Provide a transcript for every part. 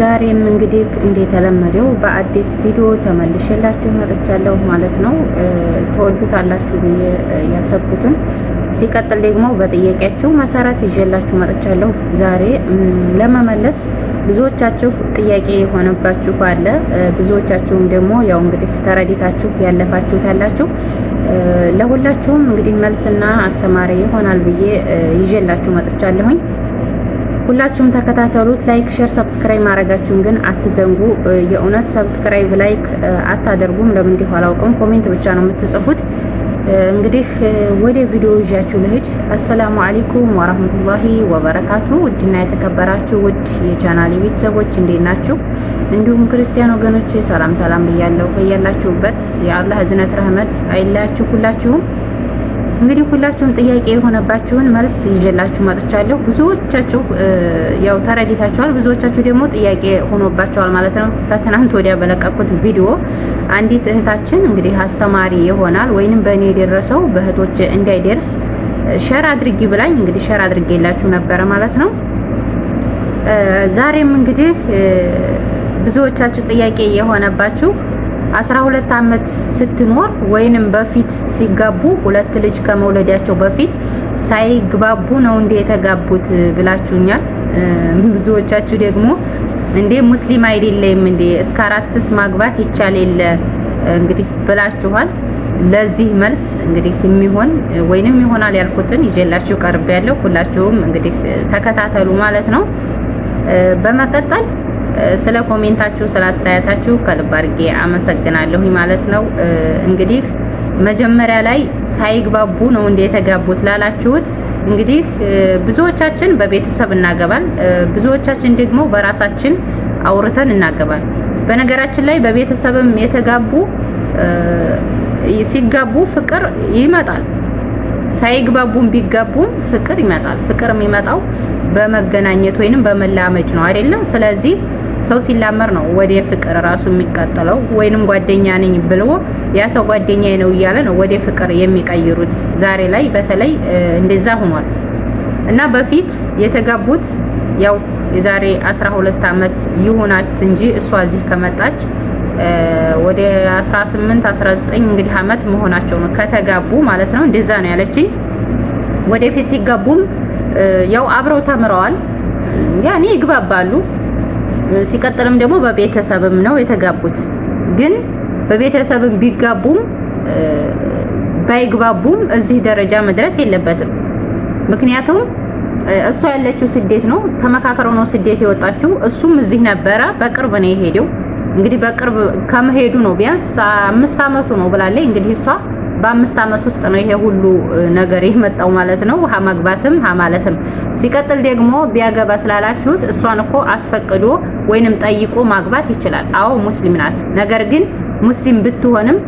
ዛሬም እንግዲህ እንደተለመደው በአዲስ ቪዲዮ ተመልሼላችሁ መጥቻለሁ ማለት ነው። ተወዱታላችሁ ብዬ ያሰብኩትን ሲቀጥል ደግሞ በጥያቄያችሁ መሰረት ይዤላችሁ መጥቻለሁ። ዛሬ ለመመለስ ብዙዎቻችሁ ጥያቄ የሆነባችሁ አለ። ብዙዎቻችሁም ደግሞ ያው እንግዲህ ተረዲታችሁ ያለፋችሁት አላችሁ ለሁላችሁም እንግዲህ መልስና አስተማሪ ይሆናል ብዬ ይዤላችሁ መጥቻለሁኝ። ሁላችሁም ተከታተሉት። ላይክ፣ ሼር፣ ሰብስክራይብ ማድረጋችሁን ግን አትዘንጉ። የእውነት ሰብስክራይብ ላይክ አታደርጉም። ለምን እንዲሁ አላውቅም። ኮሜንት ብቻ ነው የምትጽፉት። እንግዲህ ወደ ቪዲዮ ይዣችሁ ልሂድ። አሰላሙ አለይኩም ወራህመቱላሂ ወበረካቱ። ውድና የተከበራችሁ ውድ የቻናል ቤተሰቦች እንዴት ናችሁ? እንዲሁም ክርስቲያን ወገኖች ሰላም ሰላም ብያለሁ። በያላችሁበት የአላህ እዝነት ረህመት አይላችሁ ሁላችሁም እንግዲህ ሁላችሁም ጥያቄ የሆነባችሁን መልስ ይዤላችሁ መጥቻለሁ። ብዙዎቻችሁ ያው ተረድታችኋል፣ ብዙዎቻችሁ ደግሞ ጥያቄ ሆኖባችኋል ማለት ነው። ከትናንት ወዲያ በለቀቁት ቪዲዮ አንዲት እህታችን እንግዲህ አስተማሪ ይሆናል ወይንም በእኔ የደረሰው በእህቶች እንዳይደርስ ሸር አድርጊ ብላኝ እንግዲህ ሸር አድርጌላችሁ ነበረ ማለት ነው። ዛሬም እንግዲህ ብዙዎቻችሁ ጥያቄ የሆነባችሁ አስራ ሁለት አመት ስትኖር ወይንም በፊት ሲጋቡ ሁለት ልጅ ከመውለዳቸው በፊት ሳይግባቡ ነው እንዴ የተጋቡት ብላችሁኛል። ብዙዎቻችሁ ደግሞ እንዴ ሙስሊም አይደለም እንዴ እስከ አራትስ ማግባት ይቻል የለ እንግዲህ ብላችኋል። ለዚህ መልስ እንግዲህ የሚሆን ወይንም ይሆናል ያልኩትን ይዤላችሁ ቀርብ ሁላችሁም እንግዲህ ተከታተሉ ማለት ነው። በመቀጠል ስለ ኮሜንታችሁ ስለ አስተያየታችሁ ከልብ አድርጌ አመሰግናለሁ ማለት ነው። እንግዲህ መጀመሪያ ላይ ሳይግባቡ ነው እንደ የተጋቡት ላላችሁት እንግዲህ ብዙዎቻችን በቤተሰብ እናገባል፣ ብዙዎቻችን ደግሞ በራሳችን አውርተን እናገባል። በነገራችን ላይ በቤተሰብም የተጋቡ ሲጋቡ ፍቅር ይመጣል። ሳይግባቡም ቢጋቡም ፍቅር ይመጣል። ፍቅር የሚመጣው በመገናኘት ወይንም በመላመድ ነው አይደለም። ስለዚህ ሰው ሲላመር ነው ወደ ፍቅር ራሱ የሚቃጠለው። ወይንም ጓደኛ ነኝ ብሎ ያ ሰው ጓደኛ ነው እያለ ነው ወደ ፍቅር የሚቀይሩት። ዛሬ ላይ በተለይ እንደዛ ሆኗል እና በፊት የተጋቡት ያው የዛሬ 12 ዓመት ይሆናት እንጂ እሷ እዚህ ከመጣች ወደ 18 19 እንግዲህ ዓመት መሆናቸው ነው ከተጋቡ ማለት ነው። እንደዛ ነው ያለችኝ። ወደፊት ሲገቡም ያው አብረው ተምረዋል ያኔ ይግባባሉ ሲቀጥልም ደግሞ በቤተሰብም ነው የተጋቡት። ግን በቤተሰብም ቢጋቡም ባይግባቡም እዚህ ደረጃ መድረስ የለበትም። ምክንያቱም እሷ ያለችው ስደት ነው፣ ተመካከረው ነው ስደት የወጣችው። እሱም እዚህ ነበረ፣ በቅርብ ነው የሄደው። እንግዲህ በቅርብ ከመሄዱ ነው ቢያንስ አምስት አመቱ ነው ብላለች እንግዲህ እሷ በአምስት ዓመት ውስጥ ነው ይሄ ሁሉ ነገር የመጣው ማለት ነው። ውሃ ማግባትም ሀ ማለትም ሲቀጥል ደግሞ ቢያገባ ስላላችሁት እሷን እኮ አስፈቅዶ ወይንም ጠይቆ ማግባት ይችላል። አዎ ሙስሊም ናት። ነገር ግን ሙስሊም ብትሆንም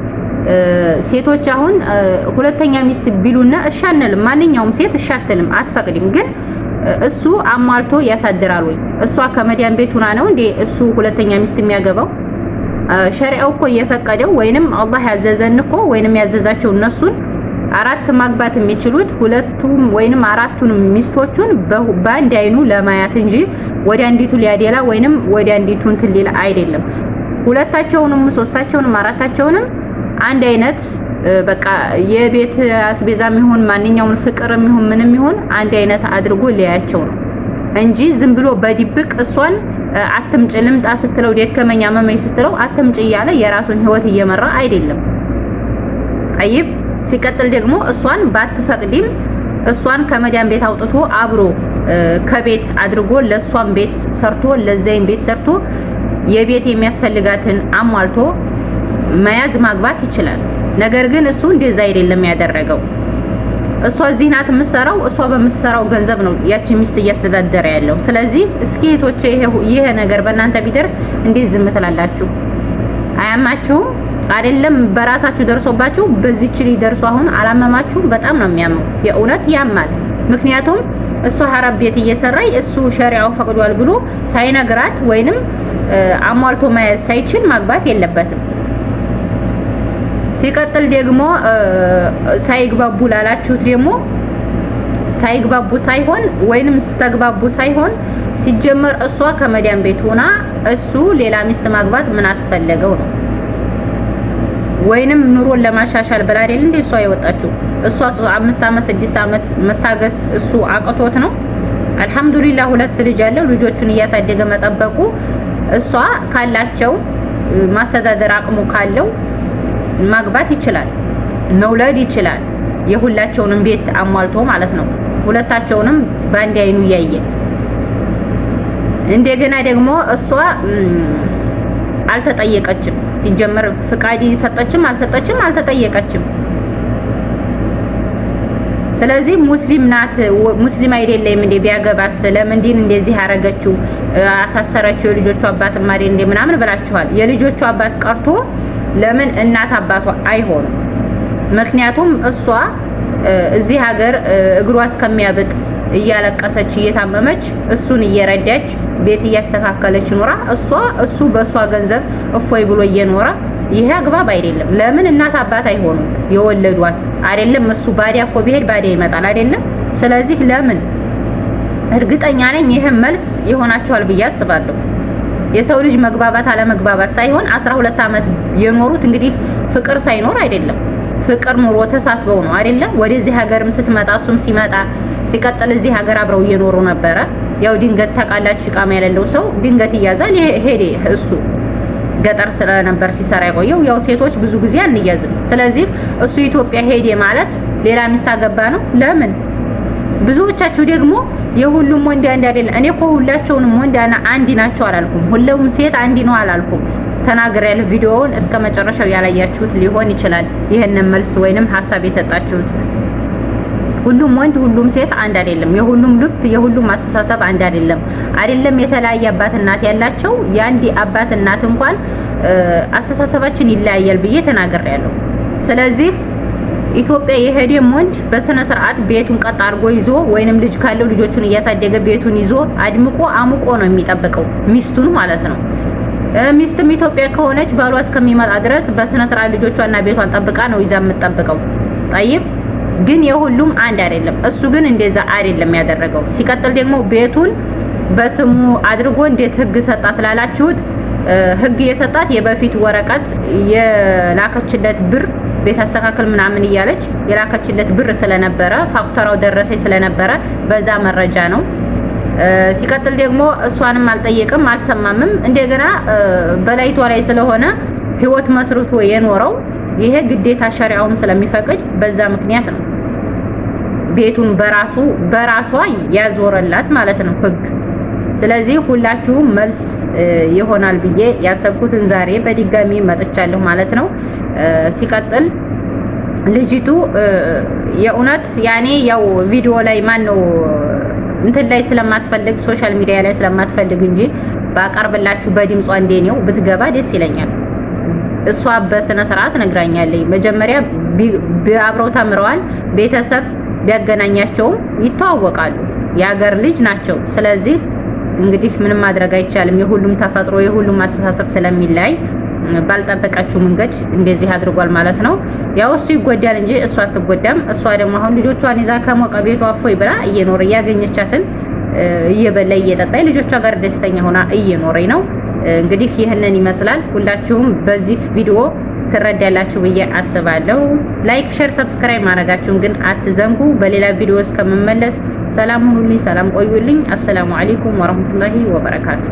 ሴቶች አሁን ሁለተኛ ሚስት ቢሉና እሺ አንልም። ማንኛውም ሴት እሺ አትልም፣ አትፈቅድም። ግን እሱ አሟልቶ ያሳድራል ወይ? እሷ ከመዲያን ቤት ሁና ነው እንዴ እሱ ሁለተኛ ሚስት የሚያገባው? ሸሪዓው እኮ እየፈቀደው ወይንም አላህ ያዘዘን እኮ ወይንም ያዘዛቸው እነሱን አራት ማግባት የሚችሉት ሁለቱም ወይንም አራቱን ሚስቶቹን በአንድ አይኑ ለማያት እንጂ ወደ አንዲቱ ሊያደላ ወይንም ወደ አንዲቱ እንትን ሊል አይደለም። ሁለታቸውንም፣ ሶስታቸውንም፣ አራታቸውንም አንድ አይነት በቃ የቤት አስቤዛም ይሁን ማንኛውም ፍቅርም ይሁን ምንም ይሁን አንድ አይነት አድርጎ ሊያያቸው ነው እንጂ ዝም ብሎ በድብቅ እሷን አትምጭ ልምጣ ስትለው ደከመኝ አመመኝ ስትለው አትምጭ እያለ የራሱን ህይወት እየመራ አይደለም። ጠይብ ሲቀጥል ደግሞ እሷን ባትፈቅድም እሷን ከመዳን ቤት አውጥቶ አብሮ ከቤት አድርጎ ለእሷን ቤት ሰርቶ ለዛይን ቤት ሰርቶ የቤት የሚያስፈልጋትን አሟልቶ መያዝ ማግባት ይችላል። ነገር ግን እሱ እንደዛ አይደለም ያደረገው። እሷ እዚህ ናት የምትሰራው። እሷ በምትሰራው ገንዘብ ነው ያቺ ሚስት እያስተዳደረ ያለው። ስለዚህ እስኪ እህቶቼ ይሄ ነገር በእናንተ ቢደርስ እንዴት ዝም ትላላችሁ? አያማችሁም? አይደለም በራሳችሁ ደርሶባችሁ በዚች ላይ ደርሶ አሁን አላመማችሁም? በጣም ነው የሚያመው። የእውነት ያማል። ምክንያቱም እሷ ሀራብ ቤት እየሰራይ እሱ ሸሪያው ፈቅዷል ብሎ ሳይነግራት ወይንም አሟልቶ መያዝ ሳይችል ማግባት የለበትም። ሲቀጥል ደግሞ ሳይግባቡ ላላችሁት ደግሞ ሳይግባቡ ሳይሆን ወይንም ስተግባቡ ሳይሆን ሲጀመር እሷ ከመዳን ቤት ሆና እሱ ሌላ ሚስት ማግባት ምን አስፈለገው ነው? ወይንም ኑሮን ለማሻሻል ብላ አይደል እንዴ እሷ የወጣችው? እሷ አምስት አመት ስድስት አመት መታገስ እሱ አቅቶት ነው? አልሐምዱሊላህ ሁለት ልጅ አለው ልጆቹን እያሳደገ መጠበቁ እሷ ካላቸው ማስተዳደር አቅሙ ካለው ማግባት ይችላል፣ መውለድ ይችላል። የሁላቸውንም ቤት አሟልቶ ማለት ነው። ሁለታቸውንም በአንድ አይኑ እያየ እንደገና ደግሞ እሷ አልተጠየቀችም። ሲጀመር ፍቃድ ሰጠችም አልሰጠችም አልተጠየቀችም። ስለዚህ ሙስሊም ናት ሙስሊም አይደለም እንዴ ቢያገባስ ለምንድን እንደዚህ አረገችው አሳሰረችው የልጆቹ አባት ማሪ እንደ ምናምን ብላችኋል። የልጆቹ አባት ቀርቶ ለምን እናት አባቷ አይሆኑም ምክንያቱም እሷ እዚህ ሀገር እግሯ እስከሚያብጥ እያለቀሰች እየታመመች እሱን እየረዳች ቤት እያስተካከለች ኖራ እሷ እሱ በእሷ ገንዘብ እፎይ ብሎ እየኖረ ይሄ አግባብ አይደለም። ለምን እናት አባት አይሆኑም? የወለዷት አይደለም? እሱ ባዲያ እኮ ቢሄድ ባዲያ ይመጣል አይደለም? ስለዚህ ለምን እርግጠኛ ነኝ ይህም መልስ ይሆናችኋል ብዬ አስባለሁ። የሰው ልጅ መግባባት አለመግባባት ሳይሆን አስራ ሁለት ዓመት የኖሩት እንግዲህ ፍቅር ሳይኖር አይደለም። ፍቅር ኑሮ ተሳስበው ነው አይደለም። ወደዚህ ሀገርም ስትመጣ እሱም ሲመጣ ሲቀጥል እዚህ ሀገር አብረው እየኖሩ ነበረ። ያው ድንገት ታውቃላችሁ፣ ይቃማ ያለለው ሰው ድንገት ይያዛል። ሄዴ እሱ ገጠር ስለነበር ሲሰራ የቆየው ያው ሴቶች ብዙ ጊዜ አንያዝም። ስለዚህ እሱ ኢትዮጵያ ሄዴ ማለት ሌላ ሚስት አገባ ነው ለምን ብዙዎቻችሁ ደግሞ የሁሉም ወንድ አንድ አይደለም። እኔ እኮ ሁላቸውንም ወንድ አንድ ናቸው አላልኩም። ሁሉም ሴት አንድ ነው አላልኩም። ተናገር ቪዲዮውን እስከ መጨረሻው ያላያችሁት ሊሆን ይችላል። ይህንን መልስ ወይንም ሀሳብ የሰጣችሁት ሁሉም ወንድ ሁሉም ሴት አንድ አይደለም። የሁሉም ልብ የሁሉም አስተሳሰብ አንድ አይደለም። አይደለም የተለያየ አባት እናት ያላቸው የአንድ አባት እናት እንኳን አስተሳሰባችን ይለያያል ብዬ ተናገር ያለው ስለዚህ ኢትዮጵያ የሄደም ወንድ በስነ ስርዓት ቤቱን ቀጥ አድርጎ ይዞ ወይንም ልጅ ካለው ልጆቹን እያሳደገ ቤቱን ይዞ አድምቆ አሙቆ ነው የሚጠብቀው ሚስቱን ማለት ነው። ሚስትም ኢትዮጵያ ከሆነች ባሏ እስከሚመጣ ድረስ በስነ ስርዓት ልጆቿና ቤቷን ጠብቃ ነው ይዛ የምትጠብቀው። ጠይብ ግን የሁሉም አንድ አይደለም። እሱ ግን እንደዛ አይደለም ያደረገው። ሲቀጥል ደግሞ ቤቱን በስሙ አድርጎ እንዴት ህግ ሰጣት ላላችሁት ህግ የሰጣት የበፊት ወረቀት የላከችለት ብር ቤት አስተካከል ምናምን እያለች የላከችለት ብር ስለነበረ ፋክተራው ደረሰኝ ስለነበረ በዛ መረጃ ነው። ሲቀጥል ደግሞ እሷንም አልጠየቅም አልሰማምም። እንደገና በላይቷ ላይ ስለሆነ ህይወት መስርቶ የኖረው ይሄ ግዴታ ሸሪያውም ስለሚፈቅድ በዛ ምክንያት ነው ቤቱን በራሱ በራሷ ያዞረላት ማለት ነው ህግ ስለዚህ ሁላችሁም መልስ ይሆናል ብዬ ያሰብኩትን ዛሬ በድጋሚ መጥቻለሁ ማለት ነው። ሲቀጥል ልጅቱ የእውነት ያኔ ያው ቪዲዮ ላይ ማን ነው እንትን ላይ ስለማትፈልግ ሶሻል ሚዲያ ላይ ስለማትፈልግ እንጂ ባቀርብላችሁ በድምጿ እንዴ ነው ብትገባ ደስ ይለኛል። እሷ በስነ ስርዓት ነግራኛለኝ። መጀመሪያ አብረው ተምረዋል። ቤተሰብ ቢያገናኛቸውም ይተዋወቃሉ። የሀገር ልጅ ናቸው። ስለዚህ እንግዲህ ምንም ማድረግ አይቻልም። የሁሉም ተፈጥሮ የሁሉም አስተሳሰብ ስለሚለያይ ባልጠበቀችው መንገድ እንደዚህ አድርጓል ማለት ነው። ያው እሱ ይጎዳል እንጂ እሷ አትጎዳም። እሷ ደግሞ አሁን ልጆቿን ይዛ ከሞቀ ቤቷ እፎይ ብላ እየኖረ እያገኘቻትን እየበላ እየጠጣ ልጆቿ ጋር ደስተኛ ሆና እየኖረኝ ነው። እንግዲህ ይህንን ይመስላል። ሁላችሁም በዚህ ቪዲዮ ትረዳላችሁ ብዬ አስባለሁ። ላይክ፣ ሼር፣ ሰብስክራይብ ማድረጋችሁን ግን አትዘንጉ። በሌላ ቪዲዮ እስከምመለስ ሰላም ሁኑልኝ፣ ሰላም ቆዩልኝ። አሰላሙ አሌይኩም ወረህመቱላሂ ወበረካቱ።